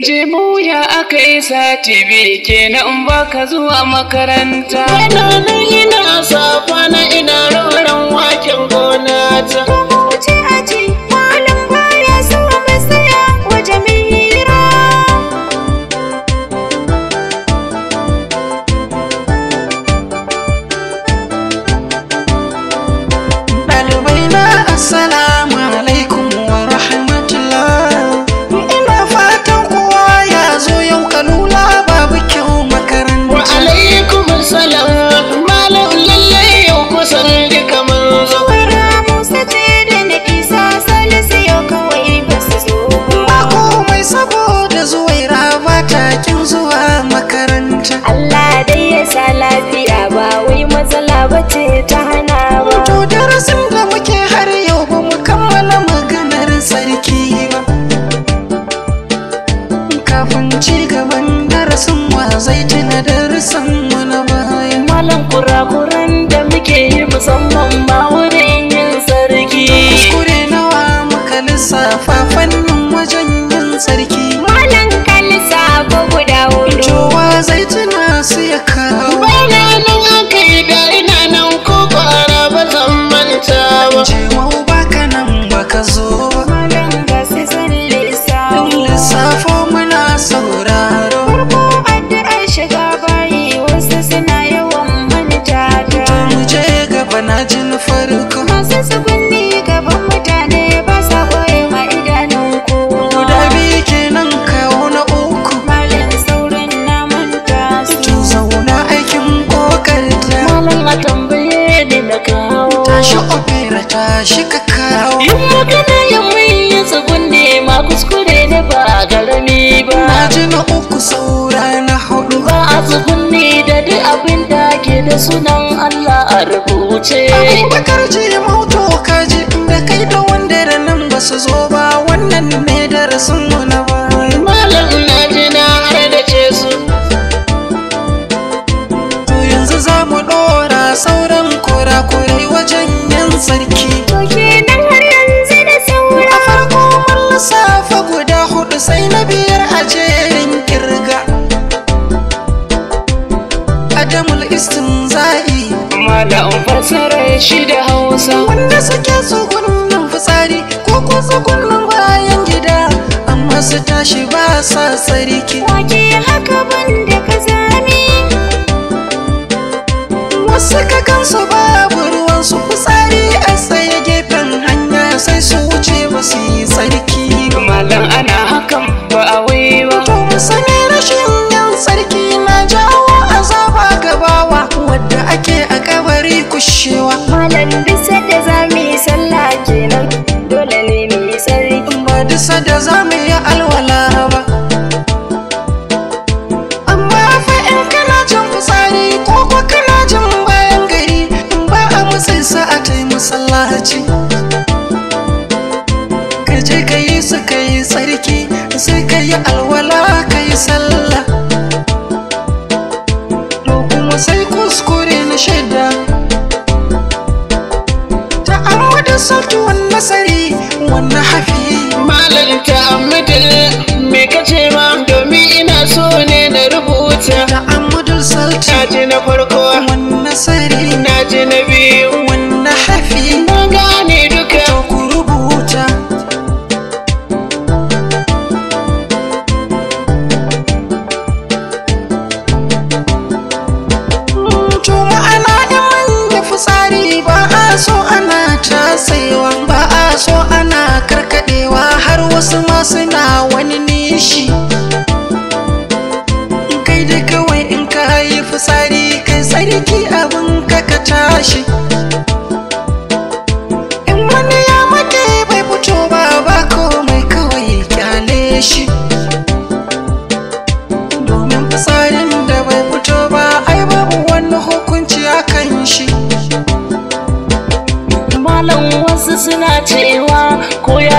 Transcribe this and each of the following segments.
Jibuya aka yi sati biyu kenan baka zuwa makaranta. Yana nan ina safa na ina roran waken gona ta. Wuce aji malam baya zuwa gaskiya waje mira. Ɗalibai na asala. azul. na uku saura na hudu ba a tsugunni da duk abin da ke da sunan Allah a rubuce abubakar ji mauto kaji da kai da wanda da nan ba su zo ba wannan ne darasin mu na jamul istinza'i shi da hausa wanda suke tsugunnin fitsari ko ko tsugunnin bayan gida amma su tashi ba sa tsarki wake haka banda ka zame wasu kakansu babu ruwan su fitsari a ba za mu yi alwala ba amma fa in kana jin fitsari ko ko kana jin bayan gari in ba a musu sa'a ta yi masallaci ka je ka yi su ka yi tsarki sai ka yi alwala ka yi sallah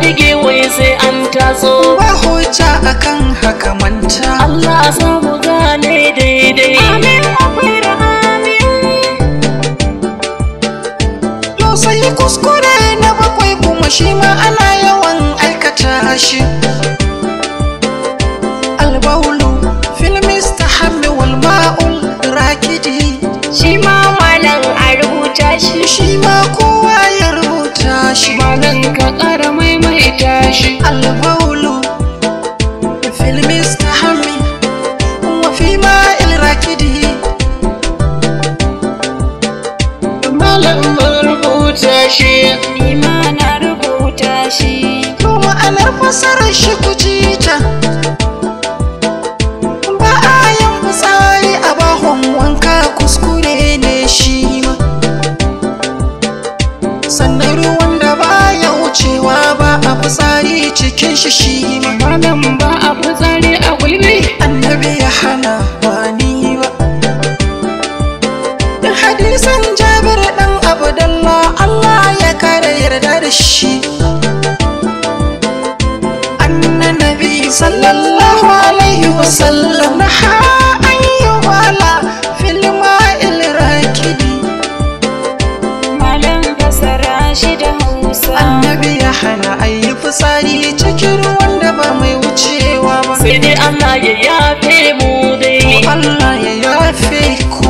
dige wai sai an taso ba hujja akan haka manta Allah samu gane daidai amin akwai rahami yau sai kuskure na bakwai kuma shi ma ana yawan aikata shi hadisan jabir dan abdullah allah ya kare yarda da shi annabi sallallahu alaihi wasallam ha ayyuwala fil ma'il rakidi malam basara shi da hausa annabi ya hana ayi fitsari cikin ruwan da ba mai wucewa ba sai dai allah ya yafe mu dai allah ya yafe ku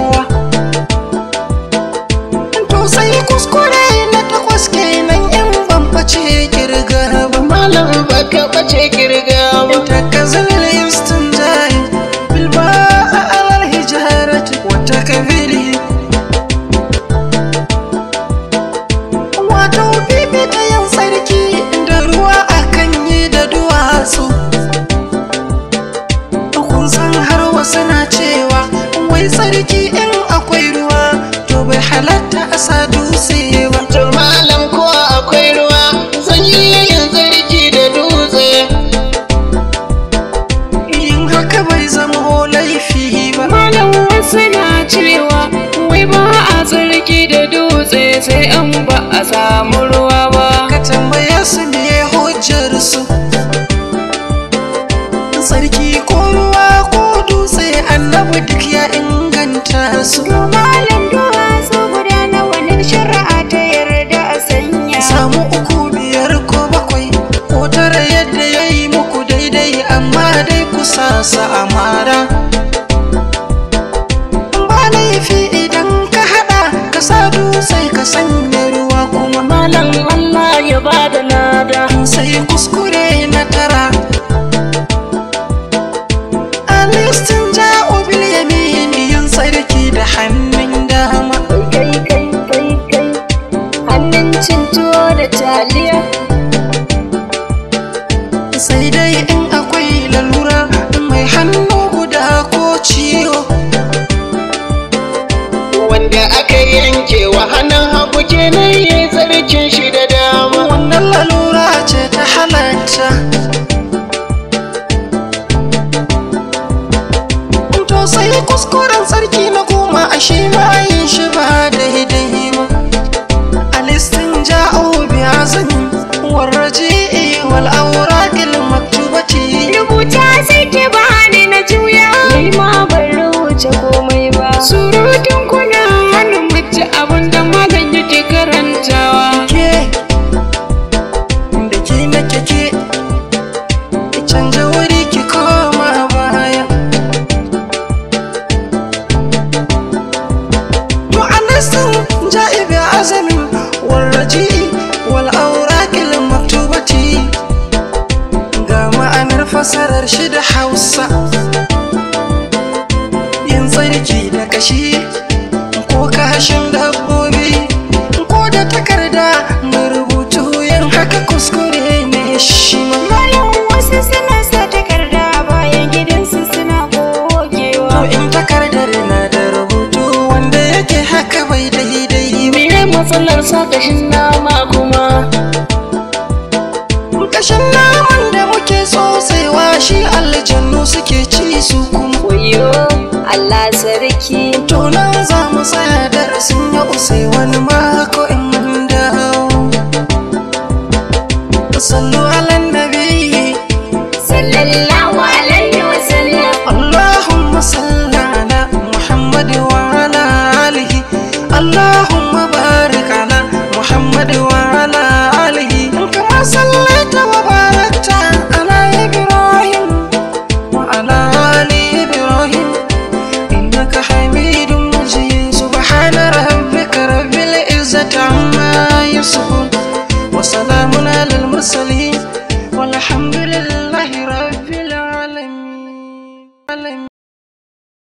suna cewa wai sarki in akwai ruwa to bai halatta a sa dutse ba to malam ko akwai ruwa zan yi yayin sarki da dutse yin haka bai zama laifi ba malam wai suna cewa wai ba a sarki da dutse sai an ba a samu ruwa? change kashin nama kuma kashin naman da muke wa shi aljannu suke ci su kumwayo Allah sarki to nan za mu tsaya darasin yau sai wani mako in dawo sallu ala